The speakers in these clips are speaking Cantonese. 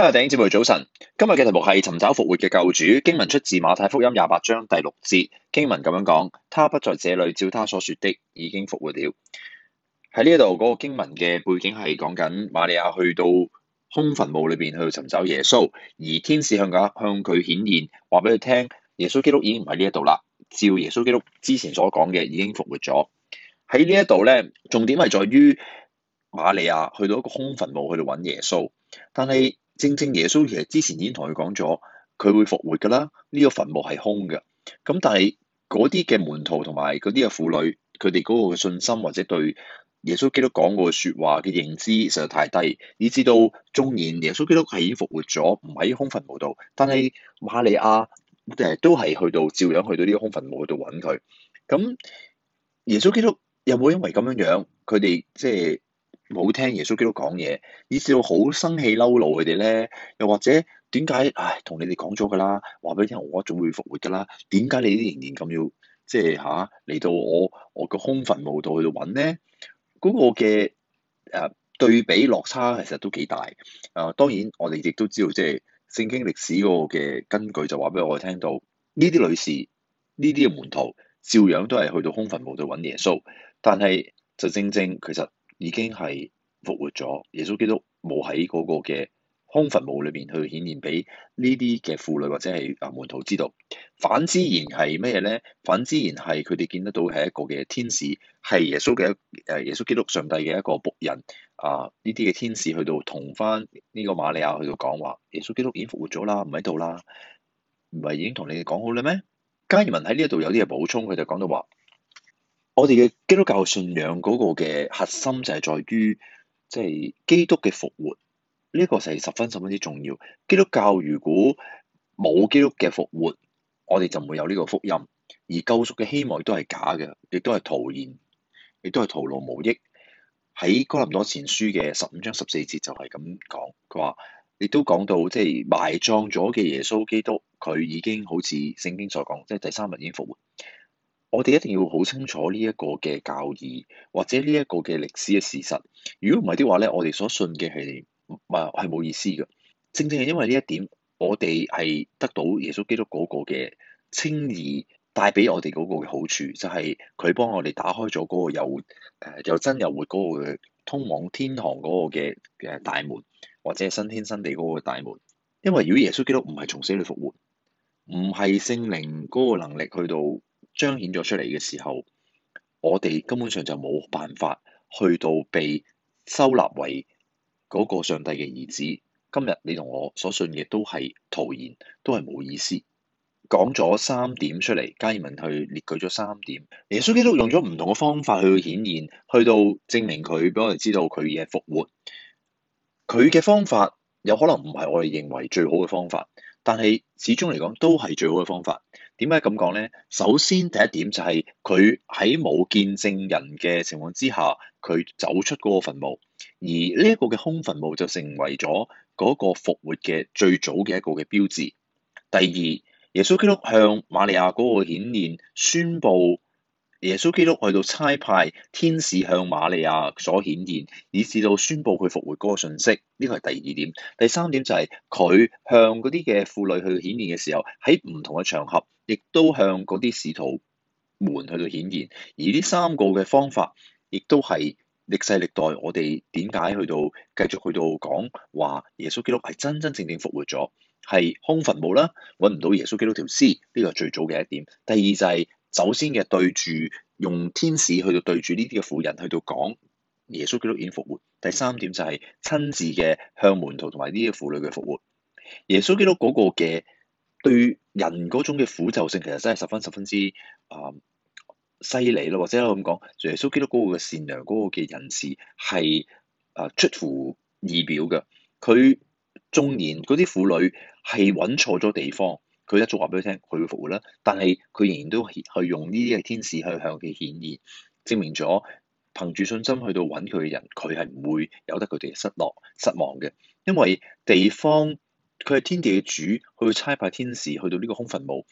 今日頂節目早晨，今日嘅題目係尋找復活嘅救主。經文出自馬太福音廿八章第六節。經文咁樣講：他不在這裡，照他所說的，已經復活了。喺呢一度嗰個經文嘅背景係講緊馬利亞去到空墳墓裡邊去尋找耶穌，而天使向佢向佢顯現，話俾佢聽：耶穌基督已經唔喺呢一度啦。照耶穌基督之前所講嘅，已經復活咗。喺呢一度咧，重點係在於。瑪利亞去到一個空墳墓去度揾耶穌，但係正正耶穌其實之前已經同佢講咗，佢會復活噶啦，呢個墳墓係空嘅。咁但係嗰啲嘅門徒同埋嗰啲嘅婦女，佢哋嗰個嘅信心或者對耶穌基督講過嘅說話嘅認知實在太低，以至到縱然，耶穌基督係已經復活咗，唔喺空墳墓度，但係瑪利亞誒都係去到照樣去到呢個空墳墓度揾佢。咁耶穌基督有冇因為咁樣樣，佢哋即係？冇聽耶穌基督講嘢，以至到好生氣嬲怒佢哋咧。又或者點解？唉，同你哋講咗噶啦，話俾你聽，我仲會復活噶啦。點解你哋仍然咁要即係吓，嚟、即係啊、到我我空墓墓到、嗰個空墳墓度去度揾咧？嗰個嘅誒對比落差其實都幾大。誒、啊，當然我哋亦都知道，即係聖經歷史嗰個嘅根據就話俾我聽到，呢啲女士呢啲嘅門徒照樣都係去到空墳墓度揾耶穌，但係就正正其實。已經係復活咗，耶穌基督冇喺嗰個嘅空墳墓裏邊去顯現俾呢啲嘅婦女或者係啊門徒知道。反之然係咩咧？反之然係佢哋見得到係一個嘅天使，係耶穌嘅誒耶穌基督上帝嘅一個僕人啊！呢啲嘅天使去到同翻呢個瑪利亞去到講話，耶穌基督已經復活咗啦，唔喺度啦，唔係已經同你哋講好啦咩？加爾文喺呢度有啲嘢補充，佢就講到話。我哋嘅基督教信仰嗰個嘅核心就係在於，即係基督嘅復活，呢個就係十分十分之重要。基督教如果冇基督嘅復活，我哋就唔會有呢個福音，而救贖嘅希望亦都係假嘅，亦都係徒然，亦都係徒勞無益。喺哥林多前書嘅十五章十四節就係咁講，佢話亦都講到，即係埋葬咗嘅耶穌基督，佢已經好似聖經所講，即係第三日已經復活。我哋一定要好清楚呢一個嘅教義，或者呢一個嘅歷史嘅事實。如果唔係啲話咧，我哋所信嘅係唔係係冇意思噶。正正係因為呢一點，我哋係得到耶穌基督嗰個嘅稱義，帶俾我哋嗰個嘅好處，就係佢幫我哋打開咗嗰個又誒又真又活嗰個嘅通往天堂嗰個嘅嘅大門，或者係新天新地嗰個大門。因為如果耶穌基督唔係從死裏復活，唔係聖靈嗰個能力去到，彰顯咗出嚟嘅時候，我哋根本上就冇辦法去到被收納為嗰個上帝嘅兒子。今日你同我所信嘅都係徒然，都係冇意思。講咗三點出嚟，加爾文去列舉咗三點。耶穌基督用咗唔同嘅方法去顯現，去到證明佢俾我哋知道佢嘅復活。佢嘅方法有可能唔係我哋認為最好嘅方法。但係始終嚟講都係最好嘅方法。點解咁講咧？首先第一點就係佢喺冇見證人嘅情況之下，佢走出嗰個墳墓，而呢一個嘅空墳墓就成為咗嗰個復活嘅最早嘅一個嘅標誌。第二，耶穌基督向馬利亞嗰個顯現，宣佈。耶穌基督去到差派天使向瑪利亞所顯現，以至到宣布佢復活嗰個信息，呢個係第二點。第三點就係、是、佢向嗰啲嘅婦女去顯現嘅時候，喺唔同嘅場合，亦都向嗰啲使徒門去到顯現。而呢三個嘅方法，亦都係歷世歷代我哋點解去到繼續去到講話耶穌基督係真真正正復活咗，係空墳墓啦，搵唔到耶穌基督條屍，呢個係最早嘅一點。第二就係、是。首先嘅對住用天使去到對住呢啲嘅婦人去到講耶穌基督已經復活。第三點就係親自嘅向門徒同埋呢啲嘅婦女嘅復活。耶穌基督嗰個嘅對人嗰種嘅苦咒性其實真係十分十分之啊犀利咯。或者我咁講，耶穌基督嗰個嘅善良嗰個嘅仁慈係啊出乎意表嘅。佢縱然嗰啲婦女係揾錯咗地方。佢一早話俾佢聽，佢會復活啦。但係佢仍然都係用呢啲嘅天使去向佢顯現，證明咗憑住信心去到揾佢嘅人，佢係唔會由得佢哋失落失望嘅。因為地方佢係天地嘅主，去差派天使去到呢個空墳墓，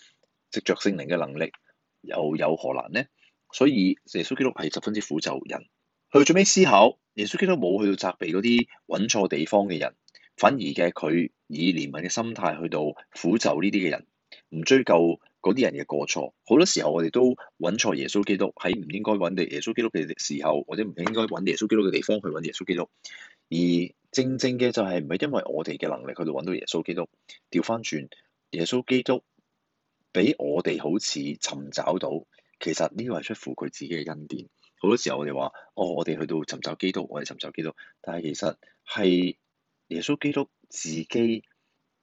藉着聖靈嘅能力又有何難呢？所以耶穌基督係十分之苦就人。去做咩思考，耶穌基督冇去到責備嗰啲揾錯地方嘅人，反而嘅佢。以憐憫嘅心態去到苦咒呢啲嘅人，唔追究嗰啲人嘅過錯。好多時候我哋都揾錯耶穌基督喺唔應該揾到耶穌基督嘅時候，或者唔應該揾耶穌基督嘅地方去揾耶穌基督。而正正嘅就係唔係因為我哋嘅能力去到揾到耶穌基督，掉返轉耶穌基督俾我哋好似尋找到，其實呢個係出乎佢自己嘅恩典。好多時候我哋話：哦，我哋去到尋找基督，我哋尋找基督，但係其實係耶穌基督自己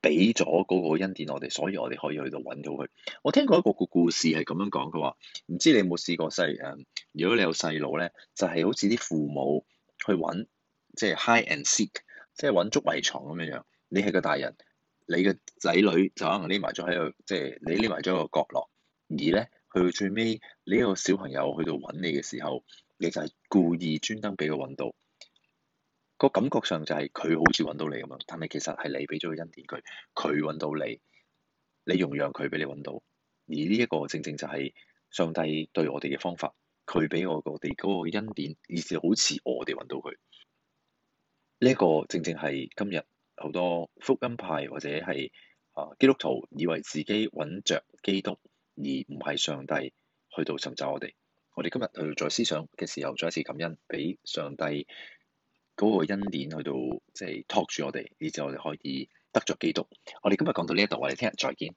俾咗嗰個音電我哋，所以我哋可以去到揾到佢。我聽過一個個故事係咁樣講，佢話唔知你有冇試過細誒？如果你有細路咧，就係、是、好似啲父母去揾，即係 high and s i c k 即係揾捉迷藏咁樣樣。你係個大人，你嘅仔女就可能匿埋咗喺個，即、就、係、是、你匿埋咗個角落。而咧，去最尾你一個小朋友去到揾你嘅時候，你就係故意專登俾佢揾到，個感覺上就係佢好似揾到你咁樣，但係其實係你俾咗個恩典佢，佢揾到你，你容讓佢俾你揾到。而呢一個正正就係上帝對我哋嘅方法，佢俾我哋嗰個恩典，而是好似我哋揾到佢。呢一個正正係今日好多福音派或者係啊基督徒以為自己揾着基督，而唔係上帝去到尋找我哋。我哋今日去在思想嘅時候，再一次感恩俾上帝。嗰個恩典去到，即係托住我哋，然之後我哋可以得着基督。我哋今日講到呢一度，我哋聽日再見。